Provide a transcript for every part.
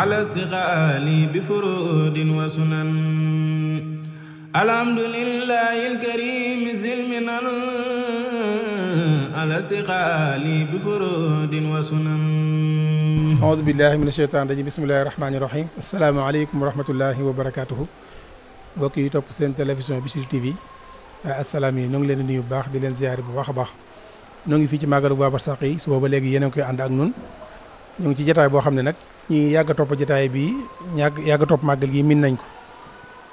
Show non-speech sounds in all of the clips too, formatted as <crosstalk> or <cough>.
على استغالي بفروض وسنن الحمد لله الكريم ذي المنن على استغالي بفروض وسنن أعوذ بالله من الشيطان الرجيم بسم الله الرحمن الرحيم السلام عليكم ورحمة الله وبركاته mbokk yi topp seen télévision Bichri TV asalaam yi ñoo ngi leen di nuyu bu baax di leen ziyaare bu baax a baax ñoo ngi fii ci màggalu Babarsàq yi suba ba léegi yéen a ngi koy ànd ak ñun ñoo ngi ci jotaay boo xam ne nag ñi yàgg a topp jataay bi yàgg yàgg a gi min nañ ko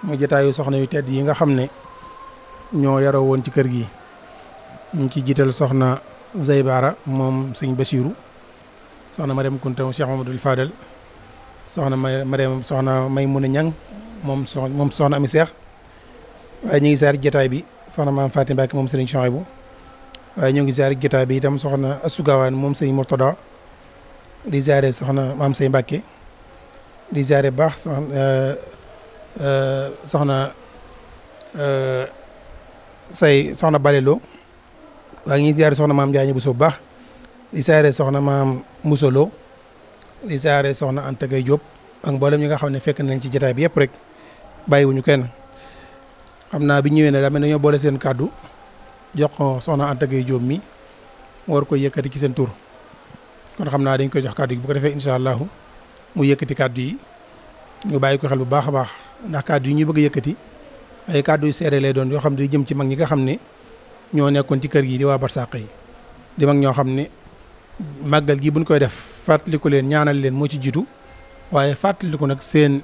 mooy jataayu soxna yu tedd yi nga xam ne ñoo yaroo woon ci kër gi ñu ci jiital soxna Zeybaara moom sëñ Basiiru soxna Mariam Kunta Cheikh Mamadou Fadal soxna Mariam soxna Maymuna Ñang moom soxna moom soxna Ami Seex waaye ñu ngi saar jataay bi soxna maam Fatim Mbàkke moom sëriñ Chouaïbou waaye ñu ngi saar jataay bi soxna Asugawaan moom sëriñ Murtada di jaare soxna maam say mbakke di jaare baax soxna euh, euh, soxna euh, say soxna balelo waa ngi ziare soxna maam Njaañ Buso bu baax di ziare soxna maam Musolo di ziare soxna Anta Gay Jóob ak mboolem ñi nga xam ne fekk nañ ci jotaay bi yëpp rek bàyyiwuñu kenn xam naa bi ñëwee ne daa mel dañoo boole seen kàddu jox ko soxna Anta Gay Jóob mi war ko yëkkati ci seen tur kon xam naa dañ koy jox kàddu gi bu ko defee incha allahu mu yëkkati kàddu yi ñu bàyyi ko xel bu baax a baax ndax kàddu yi ñuy bëgg a yëkkati ay kàddu yu seere lay doon yoo xam ne day jëm ci mag ñi nga xam ne ñoo nekkoon ci kër gi di waa barsàq yi di mag ñoo xam ne màggal gi buñ koy def fàttaliku leen ñaanal leen moo ci jiitu waaye fàttaliku nag seen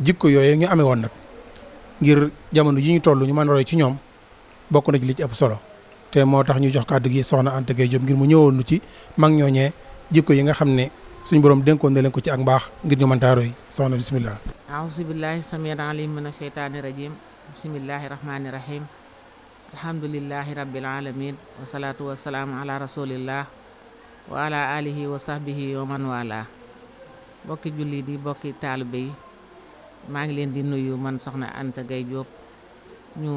jikko yooyu ñu amee woon nag ngir jamono yi ñu toll ñu mën roy ci ñoom bokk na ci li ci ëpp solo te moo tax ñu jox kàddu gi soxna Anta Gueye Diop ngir mu ñëwoon nu ci mag ñooñee jikko yi nga xam ne suñu borom dénkoon na leen ko ci ak mbaax ngir ñu mën taaroo yi soxna bisimilah. aouzu billahi samil alim mina sheytaani rajim bisimillahi rahmaani rahim alhamdulilahi rabbil alamin wasalaatu wasalaamu ala rasulillah wa ala alihi wa sahbihi wa man bokki julli di bokki taalibe yi maa ngi leen di nuyu man soxna Anta Gaye Diop ñu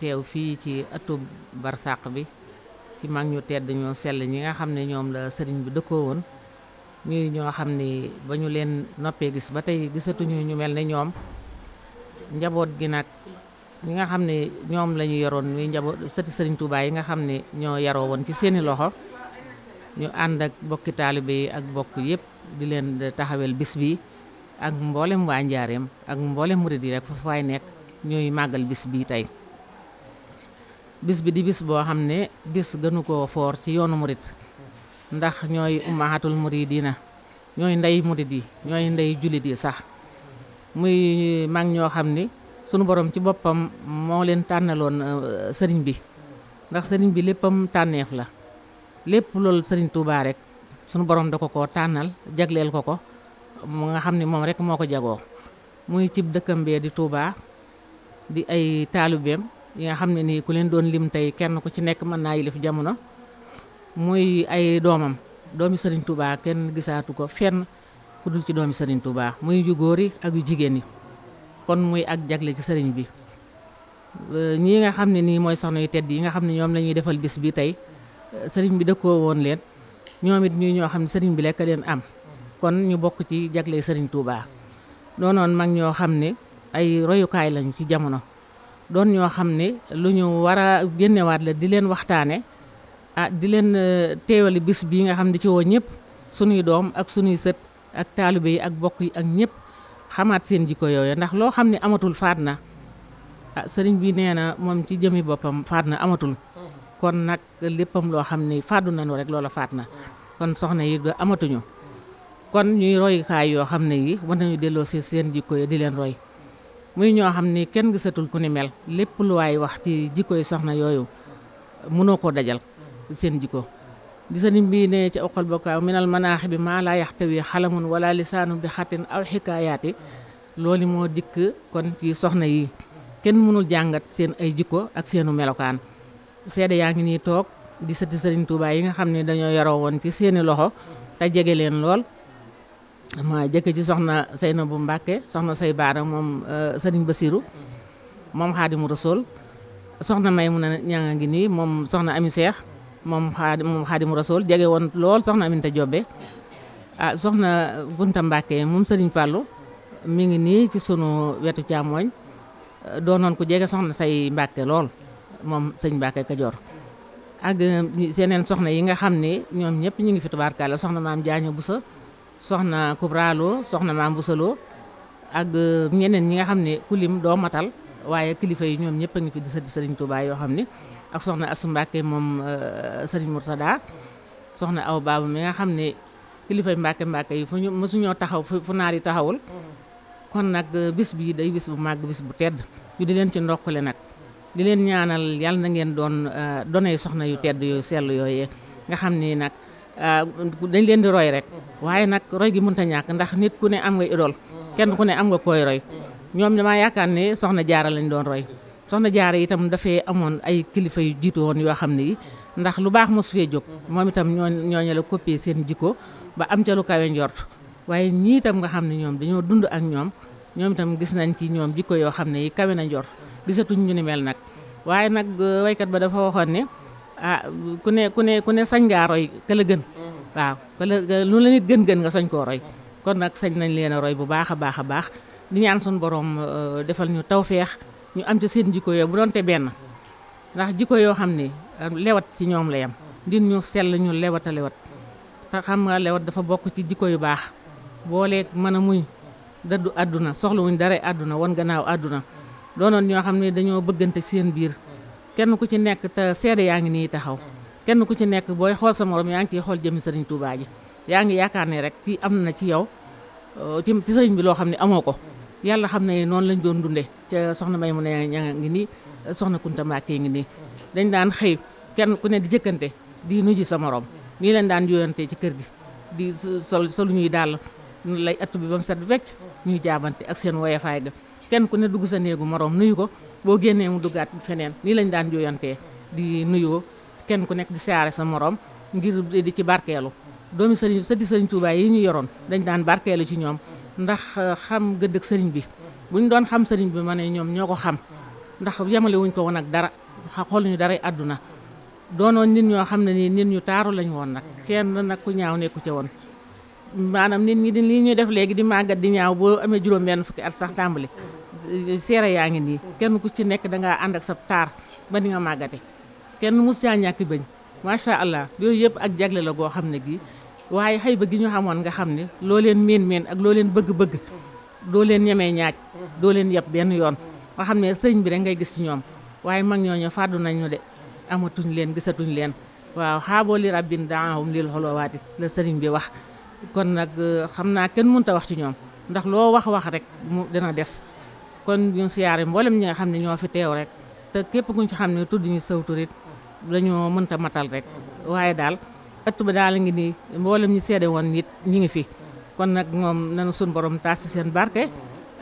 teew fii ci ëttub barsàq bi ci mag ñu tedd ñoo sell ñi nga xam ne ñoom la sëriñ bi dëkkoo woon ñuy ñoo xam ni ba ñu leen noppee gis ba tey gisatuñu ñu mel ne ñoom njaboot gi nag ñi nga xam ne ñoom lañu ñu yoroon ñuy njaboot sëriñ Touba yi nga xam ne ñoo yaroo woon ci seeni loxo ñu ànd ak bokki taalibe yi ak bokk yëpp di leen taxawel bis bi ak mboolem waa Njaareem ak mboolem murid yi rek fa fay nekk ñuy màggal bis bi tey bis bi di bis boo xam ne bis gënu koo foor ci yoonu murit ndax ñooy ummahatul na ñooy ndey murit yi ñooy ndey jullit yi sax muy mag ñoo xam ni sunu borom ci boppam moo leen tànnaloon euh, sëriñ bi ndax sëriñ bi léppam tànneef la lépp loolu sëriñ tuubaa rekk sunu borom da ko ko tànnal jagleel ko ko mu nga xam ne moom rekk moo ko jagoo muy cib dëkkam bee di tuubaa di ay taalubeem yi nga xam ne nii ku leen doon lim tey kenn ku ci nekk mën naa yilif jamono muy ay doomam doomi sëriñ Touba kenn gisaatu ko fenn ku dul ci doomi sëriñ Touba muy yu góor yi ak yu jigéen yi kon muy ak jagle ci sëriñ bi. ñii nga xam ne nii mooy soxna yu yi nga xam ne ñoom la defal bis bi tey Serigne bi dëkkoo woon leen ñoom it ñuy ñoo xam ne sëriñ bi lekk leen am kon ñu bokk ci jagle Serigne Touba doonoon mag ñoo xam ne ay royukaay lañu ci jamono. doon ñoo xam ne lu ñu war a génnewaat la di leen waxtaane ah di leen eh, teewali bis bii nga xam ne ci woo ñëpp sunuy doom ak sunuy sët ak taalibe yi ak bokk yi ak ñëpp xamaat seen jikko yooyu ndax loo xam ne amatul faat na ah, sëriñ bi nee na moom ci jëmi boppam faat na amatul kon nag léppam loo xam ne faatu nañu rek loola faat na kon soxna yi amatuñu kon ñuy royukaay yoo xam ne yi war nañu delloo si seen jikko yi di leen roy muy ñoo xam ni kenn gisatul ku ni mel lépp lu waaye wax ci yi soxna yooyu mënoo ko dajal seen jikko di nim bii ne ci oqal bokkaaw minal manaaxi bi maa laa yaxtawi xalamun wala lisaanu bi xatin aw xikaayaati loolu moo dikk kon ci soxna yi kenn mënul jàngat seen ay jikko ak seenu melokaan seede yaa ngi ni toog di sëti sëriñ Tuubaa yi nga xam ne dañoo yaroo woon ci seeni loxo te jege leen lool ma jëkk ci soxna Seynabou Mbacke soxna Sey Baara moom euh, Serigne Bassirou moom Xaadimu Rasuul soxna May mu ne ñaa ngi nii moom soxna Ami moom xaadi moom Xaadimu Rasuul jege woon lool soxna Aminta Jobbe ah soxna Bunta Mbacke moom Serigne Fallou mi ngi nii ci sunu wetu càmmooñ euh, doonoon ku jege soxna say Mbacke lool moom sëñ Mbacke Kajoor ak euh, seeneen soxna yi nga xam ne ñoom ñëpp ñu ngi fi tubaarkaale soxna maam Jaaño Busa soxna Kubra Lo soxna Maam Bousso Lo ak uh, ñeneen ñi nga xam ne kulim doo matal waaye kilifa yi ñoom ñëpp ngi fi di sëti Sëriñ Tuubaa yoo xam ne ak soxna Asu Mbàkke moom uh, Sëriñ Murtada soxna aw baabu mi nga xam ne kilifay Mbàkke Mbàkke yi fu ñu mësuñoo taxaw fu naar yi taxawul kon nag uh, bis bii day bis bu màgg bis bu tedd ñu di leen ci ndokkale nag di leen ñaanal yàlla na ngeen doon donay soxna yu tedd yooyu sell yooyee nga xam ni nag Euh, dañ leen di roy rek waaye nag roy gi mënta ñàkk ndax nit ku ne am nga idol kenn ku ne am nga koy roy ñoom dama yaakaar ne soxna jaara lañ doon roy soxna jaara tam dafee amoon ay kilifa yu jiitu woon yoo xam ne yi ndax lu baax mosu fee jóg moom itam ñoo ñooñu la copier seen jikko ba am ca lu kawe njort waaye ñii itam nga xam ne ñoom dañoo dund ak ñoom ñoom itam gis nañ ci ñoom jikko yoo xam ne yi kawe na njort gisatuñ ñu ni mel nag waaye nag euh, waykat Ah, ku ne ku ne ku ne sañ ngaa roy ka gën waaw ka lu la nit gën-gën nga sañ koo roy kon nag sañ nañ leen roy bu baax a baax a baax di ñaan suñu borom euh, defal ñu tawféex ñu am ci seen jikko yoo bu doonte benn ndax jikko yoo xam ne euh, lewat ci ñoom la yam din ñu sell ñu lewat a lewat te xam nga lewat dafa bokk ci jikko yu baax booleeg mën a muy dëddu àdduna soxla wuñ dara àdduna wan gannaaw àdduna doonoon ñoo xam ne dañoo bëggante seen biir kenn ku ci nekk te seede yaa ngi nii taxaw kenn ku ci nekk booy xool sa morom yaa ngi ciy xool jëmi sëriñ Touba ji yaa ngi yaakaar ne rek kii am na ci yow uh, ci sëriñ bi loo xam ne amoo ko yàlla xam ne noonu lañ doon dunde ca soxna may mu ne ña ngi nii soxna Kunta Mbàkke ngi nii dañ daan xëy kenn ku ne di jëkkante di nuji sa morom nii leen daan yooyante ci kër gi di sol solu ñuy daal lay ëtt bi ba mu set wecc ñuy jaabante ak seen woyafaay ga kenn ku ne dugg sa néegu morom nuyu ko boo génnee mu duggaat feneen nii lañu daan jooyantee di nuyoo kenn ku nekk di siyaare sa moroom ngir di ci barkeelu doomi sëriñ sëti sëriñ Tuubaa yi ñu yoroon dañ daan barkeelu ci ñoom ndax euh, xam gëddëg sëriñ bi buñ doon xam sëriñ bi ma ne ñoom ñoo ko xam ndax yemalewuñ ko woon ak dara xool ñu dara àdduna doonoon nit ñoo xam ne nii nit ñu taaru lañ woon nag kenn nag ku ñaaw nekku ca woon maanaam nit ñi di li ñuy def léegi di màggat di ñaaw boo amee juróom benn fukki at sax tàmbali seere yaa ngi nii kenn ku ci nekk dangaa ànd ak sab taar ba ni nga màggate kenn mus caa ñàkk bañ macha allah yooyu yëpp ak jagle la goo xam ne gii waaye xëy ba gi ñu xamoon nga xam ne loo leen meen meen ak loo leen bëgg-bëgg doo leen ñeme ñaaj doo leen yeb benn yoon nga xam ne sëñ bi rek ngay gis ci ñoom waaye mag ñooñu fàddu nañu de amatuñ leen gisatuñ leen waaw xaaboo li rabbin daahum lil xolowaati bi wax kon nag euh, xam naa kenn mënut a wax ci ñoom ndax loo wax wax rek mu dina des kon ñu siyaare mboolem ñi nga xam ne ñoo fi teew rek te képp ku kuñ ci xam ne tudd ñu sawturit dañoo mënta matal rek waaye daal ëtt ba daal ngi nii mboolem ñi seede woon it ñi ngi fi kon nag moom nanu suñ borom taas ci seen barke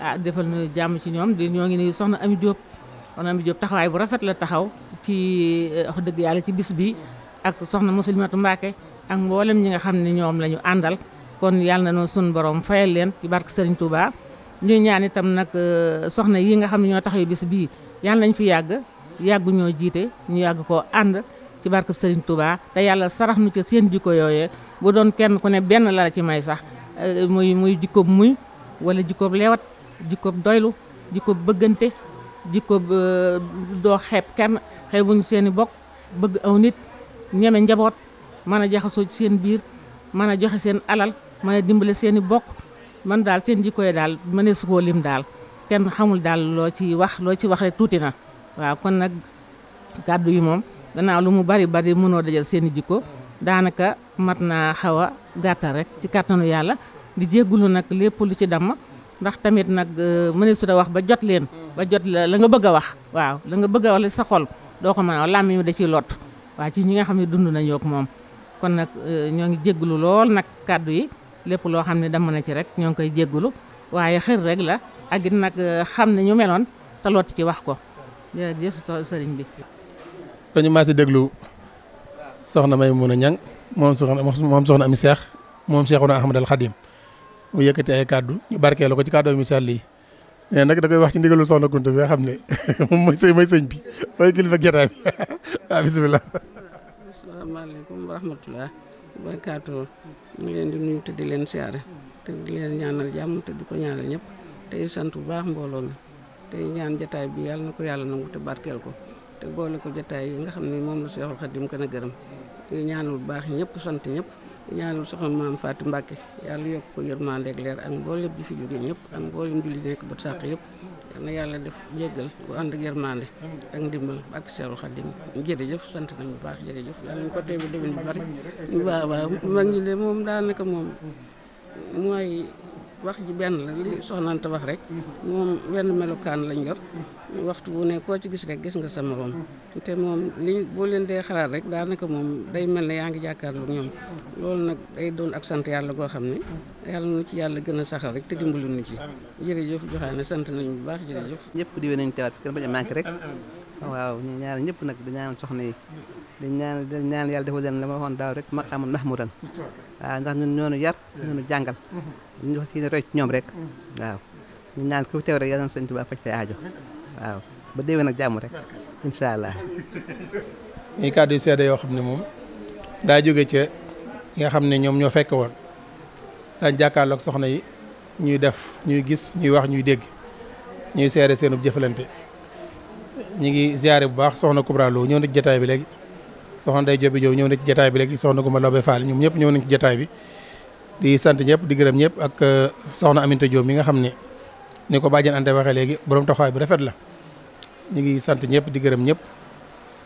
ah defal nu jàmm ci ñoom di ñoo ngi nii soxna Ami Diop soxna Ami Diop taxawaay bu rafet la taxaw ci euh, wax dëgg yàlla ci bis bi ak soxna Muslimatu Mbacke ak mboolem ñi nga xam ne ñoom la ñu àndal kon yàlla na noo sun borom fayal leen ci bark Serigne Touba ñu ñaan itam nag euh, soxna yi nga xam ne ñoo taxaw bis bii yàlla nañ fi yàgg yàggu ñoo jiite ñu yàgg koo ànd ci bark sëriñ Touba te yàlla sarax nu ci seen jikko yooyee bu doon kenn ku ne benn la la ci may sax euh, muy muy jikkob muy wala jikkob lewat jikkob doylu jikkob bëggante jikkob euh, doo xeeb kenn xeebuñ seeni bokk bëgg aw nit ñeme njaboot mën a jaxasoo ci seen biir mën a joxe seen alal mën a dimbale seen i bokk man daal seen jikko yi daal mënee su koo lim daal kenn xamul daal loo ci wax loo ci wax rek tuuti na waaw kon nag kàddu yi moom gannaaw lu mu bari bari mënoo dajal seeni jikko daanaka mat naa xaw a gàttal rek ci kàttanu yàlla di jéggulu nag lépp lu ci damm ndax tamit nag euh, mënee su da wax ba jot leen ba jot la la nga bëgg wax waaw la nga bëgg a wax la sa xol doo ko mën a làmmiñ da ciy lot waa ci ñi nga xam ne dund nañoo ak moom kon nag euh, ñoo ngi jégglu lool nag kàddu yi lépp loo xam ne dama na ci rek ñoo ngi koy jégglu waaye xër rek la ak it nag euh, xam ne ñu meloon te lot ci wax ko jërëjëf sëriñ bi. dañu maa si déglu soxna Maymuna Ñang moom soxna moom soxna Ami Seex moom Seexuna Ahmadal Xadim mu yëkkati ay kàddu ñu barkeeloo ko ci kàddoo mi misaal lii mais nag da koy wax ci ndigalul soxna Kunta bi nga xam ne <laughs> moom mooy sëñ mooy sëñ bi mooy kilifa jotaay bi <laughs> waaw bisimilah. asalaamaaleykum wa rahmatulah barakaatu ñu leen di nuyu te di leen siyaare te di leen ñaanal jàmm te du ko ñaanal ñëpp tey sant bu baax mbooloo mi tey ñaan jataay bi yàlla na ko yàlla nangu te barkeel ko te boole ko jataay yi nga xam ni moom la Seexul Xadiim gën a gërëm ñaanal bu baax ñëpp sant ñëpp. ñaanal soxna maam Fatou Mbacke yàlla yokk ko yërmande ak leer ak mboolem bi fi jóge ñëpp ak mboolem julli nekk ba sàq yëpp yàlla def jéggal bu ànd ak yërmande ak ndimbal ak seeru xadim jërëjëf sant nañu bu baax jërëjëf yàlla ñu ko teew déwén bu bari waaw mag ñi de moom daanaka moom mooy wax ji benn la li soxnaante wax rek moom wenn melokaan lañ yor waxtu bu ne koo ci gis rek gis nga sa morom te moom li boo leen dee xalaat rek daanaka moom day mel ne yaa ngi jàkkaarloog ñoom loolu nag day doon ak ne yàlla nu ci yàlla gën a saxal rek te dimbali nu ci jërëjëf joxaane sant nañu bu baax jërëjëf ñëpp di wé nañ teewaat fi kenn bañ a manqué rek waaw ñu ñaanal ñëpp nag di ñaanal soxna yi di la ma waxoon daaw rek ma xamul mahmudan waaw ndax ñun ñoonu yar ñoonu jàngal ñu wax si ne roy ci ñoom rek waaw ñu ñaan ku teew rek yàlla na sëñ Tuubaa faj sa aajo waaw ba déwén nag jàmm rek incha allah. ñuy kàddu yu seede yoo xam ne moom daa jóge ca nga xam ne ñoom ñoo fekk woon daañ jàkkaarloog soxna yi ñuy def ñuy gis ñuy wax ñuy dégg ñuy seede seenub jëfalante ñu ngi ziare bu baax soxna Kubra Lo ñëw na ci jotaay bi léegi soxna Ndeye Diop ñëw na ci jotaay bi léegi soxna Guma Lobé Fall ñoom ñëpp ñëw nañ ci jotaay bi di sant ñëpp di gërëm ñëpp ak euh, soxna Aminta Diop mi nga xam ne ni ko bàjjen ante waxee léegi borom taxawaay bu rafet la ñu ngi sant ñëpp di gërëm ñëpp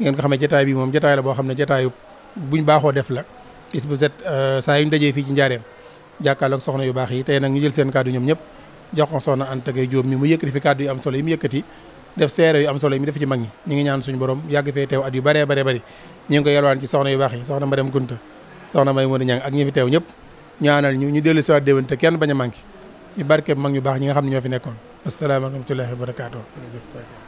ngeen ko xamee jataay bii moom jataay la boo xam ne jataayu buñ baaxoo def la bis bu euh, saa yu ñu dajee fii ci njaareem jàkkaarloog soxna yu baax yi tey nag ñu jël seen kàddu ñoom ñëpp jox ko soxna Anta Gueye Diop mi mu yëkkati fi kàddu yu am solo yi mu yëkkati def seere yu am solo yi mu def ci mag ñi ñu ngi ñaan suñu borom yàgg fee teew at yu baree bare bëri ñu ngi ko yelwaan ci soxna yu baax yi soxna Madame Kunta soxna May Modi Ñang ak ñi fi teew ñëpp ñaanal ñu ñu dellu si waat déwén te kenn bañ a manqué ci barke baax ñi nga xam ne ñoo fi nekkoon asalaamaaleykum wa rahmatullahi wa